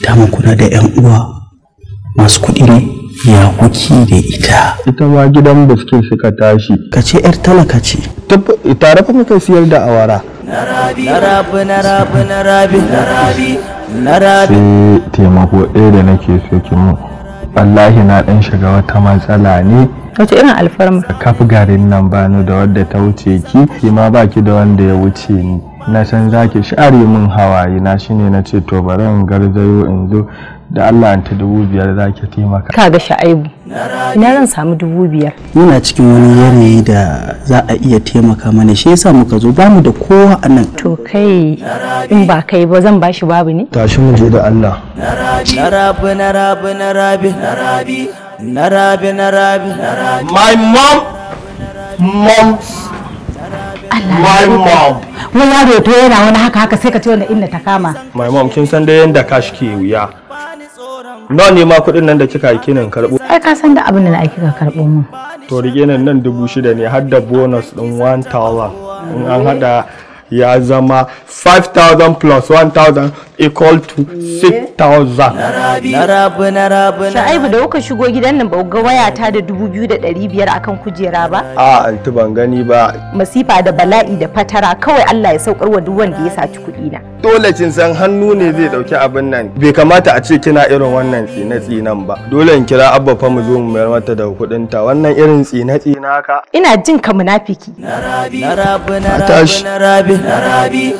dama kuna da yan uwa masu kuɗi ne ya kuki da ita ita ma gidan biskit suka tashi ka ce yar talaka ce tare fa muka siyar da awara narabi narabi narabi narabi narabi taimako ɗaya da nake so ki mu. wallahi na ɗan shiga wata matsala ne wace irin alfarma ka kafi garin nan bani da wadda ta wuce ki ki ma baki da wanda ya wuce ni na san za ki share min hawaye na shine na ce to bari in garzayo in zo da Allah ta dubu biyar za ki taimaka ga sha'aibu ina ran samu dubu biyar muna cikin wani yanayi da za a iya taimaka mana shi yasa muka zo bamu da kowa a nan to kai in ba kai ba zan bashi babu ne tashi mu je da Allah na rabi na rabi na rabi na rabi na rabi na rabi my mom mom's my mom yaro to yana wani haka haka sai ka ce wanda inda ta kama my mom kin san da yanda ka shi ke wuya nawa ne ma kuɗin nan da kika aiki nan karɓo ai ka san da abin da na aiki ka karɓo mun to rike nan nan dubu shida ne har da bonus ɗin 1000 in an hada ya zama 5000 plus 1000 equal to 6000 narabu narabu da kuka shigo gidan nan ba ga wayata da 2500 akan kujera ba a anti ban gani ba masifa da bala'i da fatara kawai Allah ya saukar wa duk wanda ya saci kuɗi na dole kin san hannu ne zai dauki abin nan bai kamata a ce kina irin wannan tsina tsinan ba dole in kira abba fa mu zo mu mayar mata da kuɗin ta wannan irin tsina tsina ka ina jin ka munafiki narabi na narabi na rabi